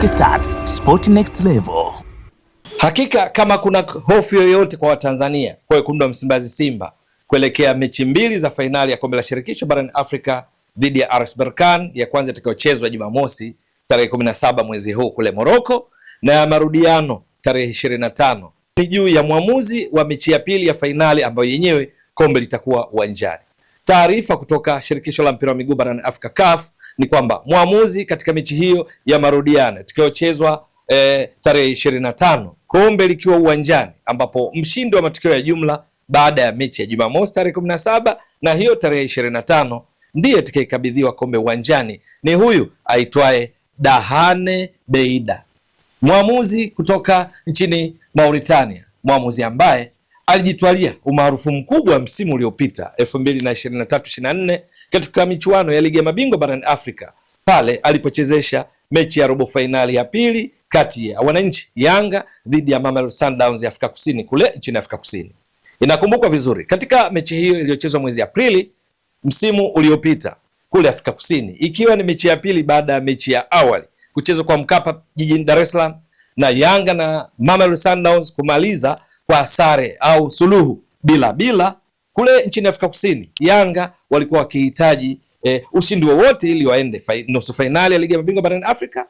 Tuke Sport Next Level. Hakika kama kuna hofu yoyote kwa Watanzania kwa wekundu wa Msimbazi Simba kuelekea mechi mbili za fainali ya kombe la shirikisho barani Afrika dhidi ya RS Berkane, ya kwanza itakayochezwa Jumamosi tarehe 17 mwezi huu kule Morocco na ya marudiano tarehe 25 ni juu ya mwamuzi wa mechi ya pili ya fainali ambayo yenyewe kombe litakuwa uwanjani. Taarifa kutoka shirikisho la mpira wa miguu barani Afrika CAF ni kwamba mwamuzi katika mechi hiyo ya marudiano itakayochezwa e, tarehe ishirini na tano kombe likiwa uwanjani ambapo mshindi wa matokeo ya jumla baada ya mechi ya Jumamosi tarehe kumi na saba na hiyo tarehe ishirini na tano ndiye atakayekabidhiwa kombe uwanjani ni huyu aitwaye Dahane Beida, mwamuzi kutoka nchini Mauritania, mwamuzi ambaye alijitwalia umaarufu mkubwa msimu uliopita 2023 24 katika michuano ya ligi ya mabingwa barani Afrika pale alipochezesha mechi ya robo fainali ya pili kati ya wananchi Yanga dhidi ya Mamelodi Sundowns ya Afrika Kusini kule nchini Afrika Kusini. Inakumbukwa vizuri katika mechi hiyo iliyochezwa mwezi Aprili msimu uliopita kule Afrika Kusini, ikiwa ni mechi ya pili baada ya mechi ya awali kuchezwa kwa Mkapa jijini Dar es Salaam, na Yanga na Mamelodi Sundowns kumaliza kwa sare au suluhu bila bila. Kule nchini Afrika Kusini, Yanga walikuwa wakihitaji e, ushindi wowote ili waende nusu fainali ya ligi ya mabingwa barani Afrika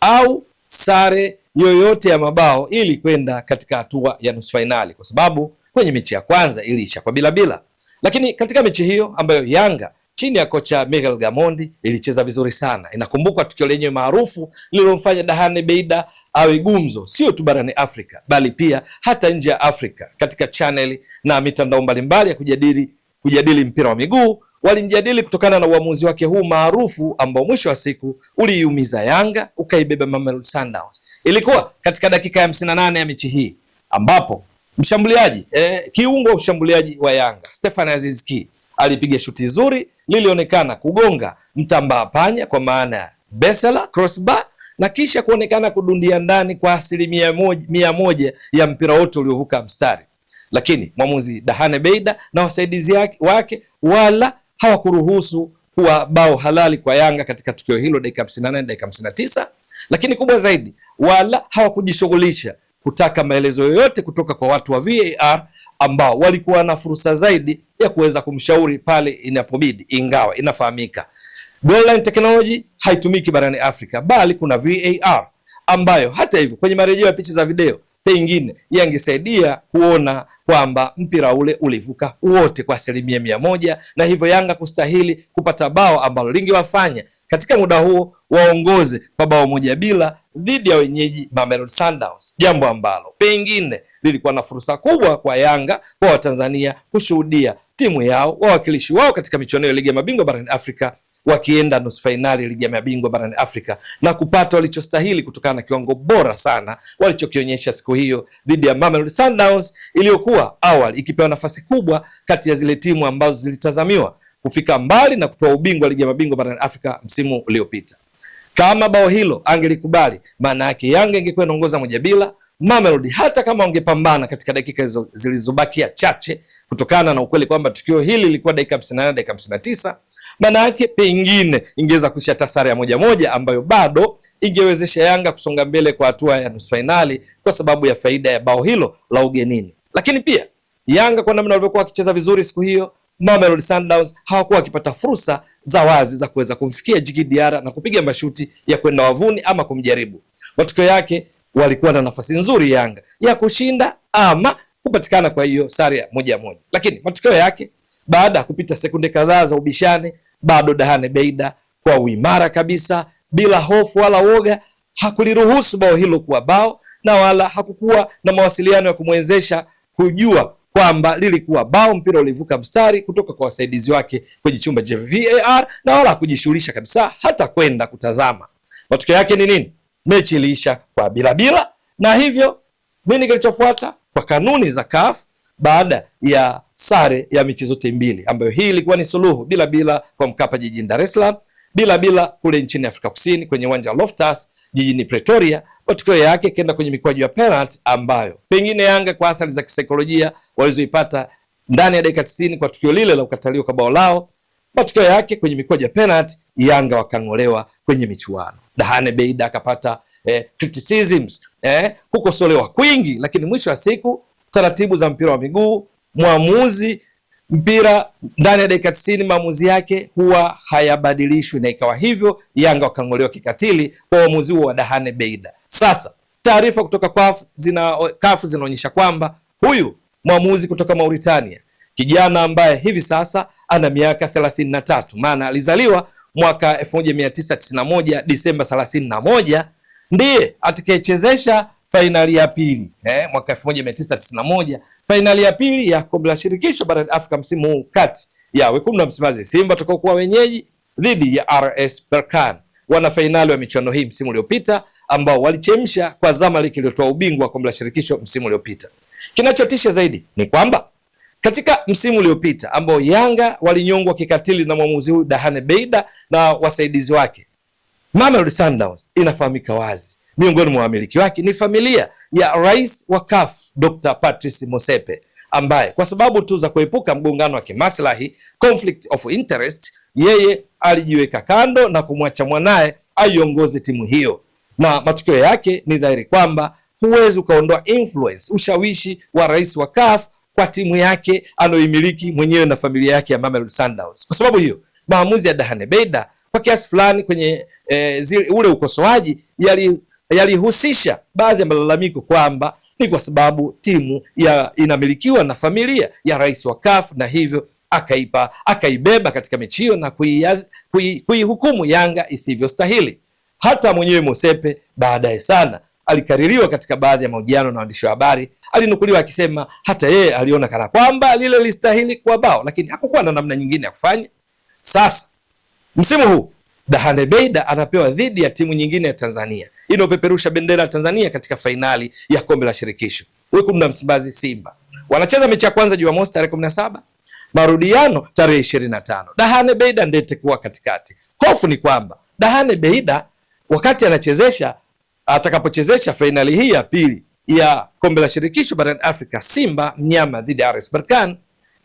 au sare yoyote ya mabao ili kwenda katika hatua ya nusu fainali, kwa sababu kwenye mechi ya kwanza iliisha kwa bila bila, lakini katika mechi hiyo ambayo Yanga chini ya kocha Miguel Gamondi ilicheza vizuri sana. Inakumbukwa tukio lenyewe maarufu lililomfanya Dahane Beida awe gumzo sio tu barani Afrika bali pia hata nje ya Afrika. Katika channel na mitandao mbalimbali ya kujadili kujadili mpira wa miguu walimjadili kutokana na uamuzi wake huu maarufu ambao mwisho wa siku uliiumiza Yanga ukaibeba Mamelodi Sundowns. Ilikuwa katika dakika ya 58 ya mechi hii ambapo mshambuliaji eh, kiungo wa ushambuliaji wa Yanga Stefan Azizki alipiga shuti zuri lilionekana kugonga mtambaa panya kwa maana ya besela crossbar na kisha kuonekana kudundia ndani kwa asilimia mia moja ya mpira wote uliovuka mstari, lakini mwamuzi Dahane Beida na wasaidizi wake wala hawakuruhusu kuwa bao halali kwa Yanga katika tukio hilo dakika 58, dakika 59, lakini kubwa zaidi wala hawakujishughulisha kutaka maelezo yoyote kutoka kwa watu wa VAR ambao walikuwa na fursa zaidi ya kuweza kumshauri pale inapobidi, ingawa inafahamika goal technology haitumiki barani Afrika, bali kuna VAR ambayo hata hivyo kwenye marejeo ya picha za video pengine yangesaidia kuona kwamba mpira ule ulivuka wote kwa asilimia mia moja na hivyo Yanga kustahili kupata bao ambalo lingewafanya katika muda huo waongoze kwa bao moja bila dhidi ya wenyeji Mamelodi Sundowns, jambo ambalo pengine lilikuwa na fursa kubwa kwa Yanga kwa Watanzania kushuhudia timu yao wawakilishi wao katika michuano ya ligi ya mabingwa barani Afrika wakienda nusu fainali ligi ya mabingwa barani Afrika na kupata walichostahili kutokana na kiwango bora sana walichokionyesha siku hiyo dhidi ya Mamelodi Sundowns iliyokuwa awali ikipewa nafasi kubwa kati ya zile timu ambazo zilitazamiwa kufika mbali na kutoa ubingwa ligi ya mabingwa barani Afrika msimu uliopita. Kama bao hilo angelikubali, maana yake Yanga ingekuwa inaongoza moja bila Mamelodi hata kama wangepambana katika dakika zilizobakia chache, kutokana na ukweli kwamba tukio hili lilikuwa dakika 58 dakika 59, maana yake pengine ingeweza kuisha tasara ya moja moja, ambayo bado ingewezesha Yanga kusonga mbele kwa hatua ya nusu fainali kwa sababu ya faida ya bao hilo la ugenini. Lakini pia Yanga kwa namna walivyokuwa wakicheza vizuri siku hiyo Mamelodi Sundowns hawakuwa wakipata fursa za wazi za kuweza kumfikia Djigui Diarra na kupiga mashuti ya kwenda wavuni ama kumjaribu. Matokeo yake walikuwa na nafasi nzuri Yanga ya kushinda ama kupatikana kwa hiyo sare ya moja moja, lakini matokeo yake baada ya kupita sekunde kadhaa za ubishani, bado Dahane Beida kwa uimara kabisa, bila hofu wala woga, hakuliruhusu bao hilo kuwa bao na wala hakukuwa na mawasiliano ya kumwezesha kujua kwamba lilikuwa bao. Mpira ulivuka mstari kutoka kwa wasaidizi wake kwenye chumba cha VAR na wala hakujishughulisha kabisa hata kwenda kutazama. Matokeo yake ni nini? mechi iliisha kwa bila bila, na hivyo nini kilichofuata kwa kanuni za CAF baada ya sare ya mechi zote mbili ambayo hii ilikuwa ni suluhu bila bila kwa Mkapa jijini Dar es Salaam, bila bila kule nchini Afrika Kusini kwenye uwanja wa Loftus jijini Pretoria, matokeo yake kenda kwenye mikwaju ya penalty ambayo pengine Yanga kwa athari za kisaikolojia walizoipata ndani ya dakika 90 kwa tukio lile la ukataliwa kwa bao lao, matokeo yake kwenye mikwaju ya penalty Yanga wakang'olewa kwenye michuano. Dahane Beida akapata eh, criticisms eh, hukosolewa kwingi, lakini mwisho wa siku taratibu za mpira wa miguu, mwamuzi mpira ndani ya dakika 90 maamuzi yake huwa hayabadilishwi, na ikawa hivyo, Yanga wakang'olewa kikatili kwa uamuzi huo wa Dahane Beida. Sasa taarifa kutoka kafu zina kafu zinaonyesha kwamba huyu mwamuzi kutoka Mauritania kijana ambaye hivi sasa ana miaka 33 maana alizaliwa mwaka 1991 Disemba 31 ndiye atakayechezesha fainali ya pili eh, mwaka 1991 fainali ya pili ya kombe la shirikisho barani Afrika msimu huu kati ya wekundu wa Msimbazi Simba watakaokuwa wenyeji dhidi ya RS Berkane wana fainali wa michuano hii msimu uliopita ambao walichemsha kwa Zamalek iliyotoa ubingwa wa kombe la shirikisho msimu uliopita. Kinachotisha zaidi ni kwamba katika msimu uliopita ambao Yanga walinyongwa kikatili na mwamuzi huyu Dahane Beida na wasaidizi wake, Mamelodi Sundowns inafahamika wazi miongoni mwa wamiliki wake ni familia ya rais wa CAF Dr. Patrice Motsepe ambaye kwa sababu tu za kuepuka mgongano wa kimaslahi conflict of interest, yeye alijiweka kando na kumwacha mwanaye aiongoze timu hiyo, na matokeo yake ni dhahiri kwamba huwezi ukaondoa influence, ushawishi wa rais wa CAF kwa timu yake anayoimiliki mwenyewe na familia yake ya Mamelodi Sundowns. Kwa sababu hiyo maamuzi ya Dahane Beida kwa kiasi fulani kwenye e, zile, ule ukosoaji yalihusisha yali baadhi ya malalamiko kwamba ni kwa sababu timu ya, inamilikiwa na familia ya rais wa CAF na hivyo akaipa akaibeba katika mechi hiyo na kuihukumu kui, kui Yanga isivyostahili. Hata mwenyewe Mosepe baadaye sana alikaririwa katika baadhi ya mahojiano na waandishi wa habari. Alinukuliwa akisema hata yeye aliona kana kwamba lile listahili kuwa bao, lakini hakukuwa na namna nyingine ya kufanya. Sasa msimu huu Dahane Beida anapewa dhidi ya timu nyingine ya Tanzania inayopeperusha bendera ya Tanzania katika fainali ya kombe la shirikisho. Wekundu wa Msimbazi, Simba wanacheza mechi ya kwanza Jumamosi tarehe 17, marudiano tarehe 25. Dahane Beida ndiye atakuwa katikati. Hofu ni kwamba Dahane Beida wakati anachezesha atakapochezesha fainali hii ya pili ya kombe la shirikisho barani Afrika, Simba mnyama dhidi ya RS Berkane.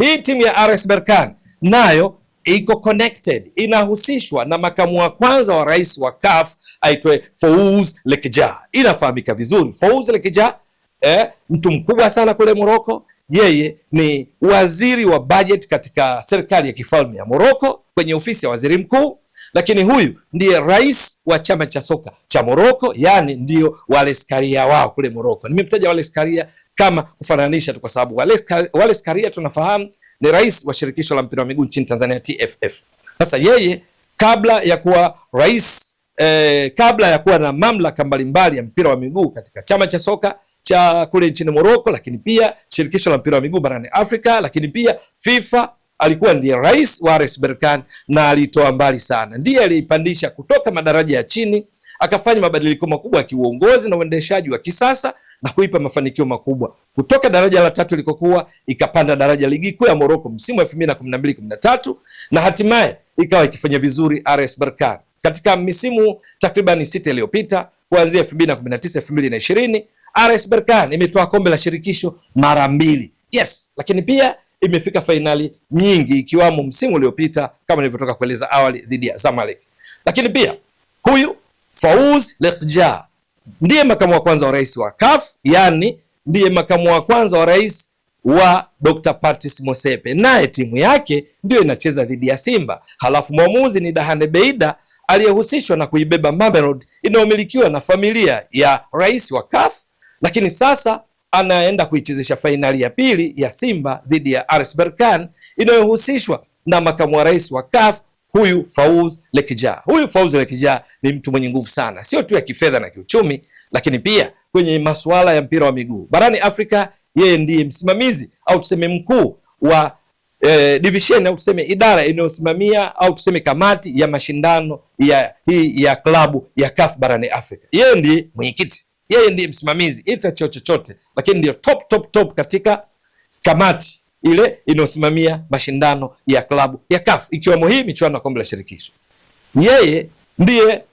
Hii timu ya RS Berkane nayo iko connected, inahusishwa na makamu wa kwanza wa rais wa CAF aitwe Fouz Lekija, inafahamika vizuri Fouz Lekija, eh, mtu mkubwa sana kule Moroko. Yeye ni waziri wa bajeti katika serikali ya kifalme ya Moroko kwenye ofisi ya waziri mkuu lakini huyu ndiye rais wa chama cha soka cha Moroko, yani ndio Waleskaria wao kule Moroko. Nimemtaja Waleskaria kama kufananisha tu, kwa sababu Waleskaria tunafahamu ni rais wa shirikisho la mpira wa miguu nchini Tanzania TFF. Sasa yeye kabla ya kuwa rais eh, kabla ya kuwa na mamlaka mbalimbali ya mpira wa miguu katika chama cha soka cha kule nchini Moroko, lakini pia shirikisho la mpira wa miguu barani Afrika, lakini pia FIFA alikuwa ndiye rais wa rs Berkan na alitoa mbali sana, ndiye aliyeipandisha kutoka madaraja ya chini, akafanya mabadiliko makubwa ya kiuongozi na uendeshaji wa kisasa na kuipa mafanikio makubwa kutoka daraja la tatu ilikokuwa ikapanda daraja ligi kuu ya Moroko msimu wa 2012 2013 na hatimaye ikawa ikifanya vizuri RS Berkane katika misimu takribani sita iliyopita kuanzia 2019-2020 RS Berkane imetoa kombe la shirikisho mara mbili. Yes, lakini pia imefika fainali nyingi ikiwamo msimu uliopita kama nilivyotoka kueleza awali dhidi ya Zamalek. Lakini pia huyu Fauz Lekja ndiye makamu wa kwanza wa rais wa CAF, yani ndiye makamu wa kwanza wa rais wa Dr. Patrice Mosepe, naye timu yake ndiyo inacheza dhidi ya Simba. Halafu mwamuzi ni Dahane Beida aliyehusishwa na kuibeba Mamelodi inayomilikiwa na familia ya rais wa CAF, lakini sasa anaenda kuichezesha fainali ya pili ya Simba dhidi ya RS Berkane inayohusishwa na makamu wa rais wa CAF huyu Fauz Lekija. Huyu Fauz Lekija ni mtu mwenye nguvu sana, sio tu ya kifedha na kiuchumi, lakini pia kwenye masuala ya mpira wa miguu barani Afrika. Yeye ndiye msimamizi au tuseme mkuu wa eh, division au tuseme idara inayosimamia au tuseme kamati ya mashindano ya hii ya klabu ya CAF barani Afrika. Yeye ndiye mwenyekiti yeye ndiye msimamizi, ita cheo chochote, lakini ndio top, top, top katika kamati ile inayosimamia mashindano ya klabu ya CAF ikiwemo hii michuano ya kombe la shirikisho. Yeye ndiye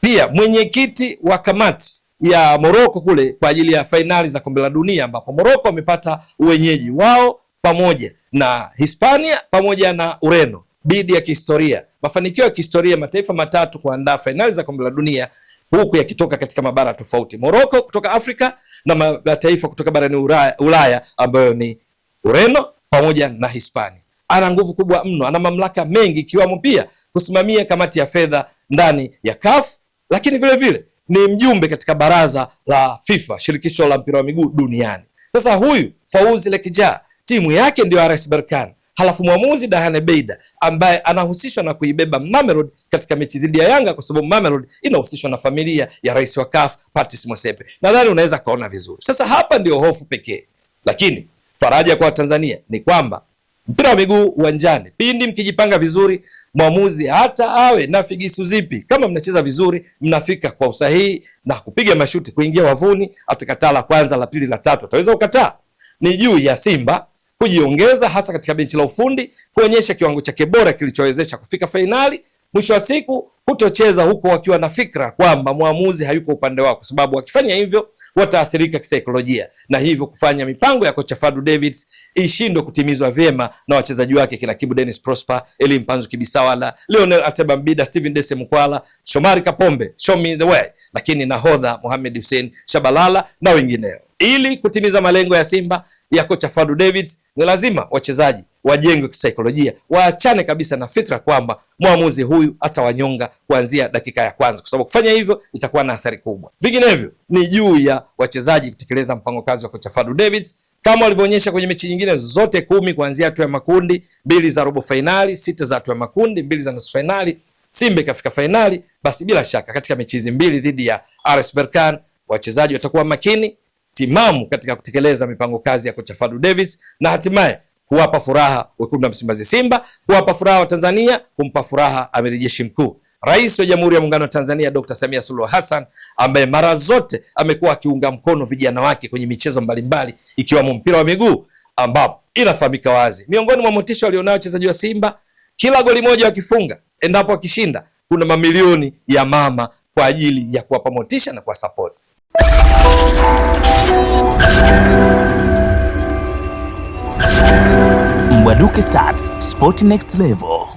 pia mwenyekiti wa kamati ya Moroko kule kwa ajili ya fainali za kombe la dunia ambapo Moroko wamepata uwenyeji wao pamoja na Hispania pamoja na Ureno. Bidi ya kihistoria, mafanikio ya kihistoria, mataifa matatu kuandaa fainali za kombe la dunia huku yakitoka katika mabara tofauti, Moroko kutoka Afrika na mataifa kutoka barani Ulaya, Ulaya ambayo ni Ureno pamoja na Hispania. Ana nguvu kubwa mno, ana mamlaka mengi, ikiwamo pia kusimamia kamati ya fedha ndani ya CAF, lakini vile vile ni mjumbe katika baraza la FIFA, shirikisho la mpira wa miguu duniani. Sasa huyu Fauzi Lekija, timu yake ndio RS Berkane halafu mwamuzi Dahane Beida ambaye anahusishwa na kuibeba Mamelodi katika mechi dhidi ya Yanga kwa sababu Mamelodi inahusishwa na familia ya rais wa CAF Patrice Motsepe. Nadhani unaweza kaona vizuri. Sasa hapa ndio hofu pekee, lakini faraja kwa Tanzania ni kwamba mpira wa miguu uwanjani, pindi mkijipanga vizuri, mwamuzi hata awe na figisu zipi, kama mnacheza vizuri, mnafika kwa usahihi na kupiga mashuti kuingia wavuni, atakataa la kwanza, la pili, la tatu, ataweza kukataa. Ni juu ya Simba kujiongeza hasa katika benchi la ufundi, kuonyesha kiwango chake bora kilichowezesha kufika fainali. Mwisho wa siku hutocheza huko wakiwa na fikra kwamba mwamuzi hayuko upande wao, kwa sababu wakifanya hivyo wataathirika kisaikolojia na hivyo kufanya mipango ya kocha Fadu Davids ishindwe kutimizwa vyema na wachezaji wake kina Kibu Dennis Prosper, Eli Mpanzu Kibisawala, Lionel Ateba Mbida, Steven Dese Mkwala, Shomari Kapombe, show me the way, lakini nahodha Mohamed Hussein Shabalala na wengineo. Ili kutimiza malengo ya Simba ya kocha Fadu Davids, ni lazima wachezaji wajengwe kisaikolojia, waachane kabisa na fikra kwamba mwamuzi huyu atawanyonga kuanzia dakika ya kwanza, kwa sababu kufanya hivyo itakuwa na athari kubwa. Vinginevyo ni juu ya wachezaji kutekeleza mpango kazi wa kocha Fadu Davids kama walivyoonyesha kwenye mechi nyingine zote kumi kuanzia hatua ya makundi, mbili za robo fainali, sita za hatua ya makundi, mbili za nusu fainali. Simba ikafika fainali, basi bila shaka katika mechi hizi mbili dhidi ya RS Berkane wachezaji watakuwa makini timamu katika kutekeleza mipango kazi ya kocha Fadlu Davis na hatimaye kuwapa furaha wekundu wa Msimbazi Simba, kuwapa furaha wa Tanzania, kumpa furaha amiri jeshi mkuu Rais wa Jamhuri ya Muungano wa Tanzania Dr. Samia Suluhu Hassan ambaye mara zote amekuwa akiunga mkono vijana wake kwenye michezo mbalimbali ikiwemo mpira wa miguu, ambapo inafahamika wazi miongoni mwa motisha walionao wachezaji wa Simba, kila goli moja wakifunga, endapo wakishinda, kuna mamilioni ya mama kwa ajili ya kuwapa motisha na kuwa support. Mbwaduke Stats, Sport Next Level.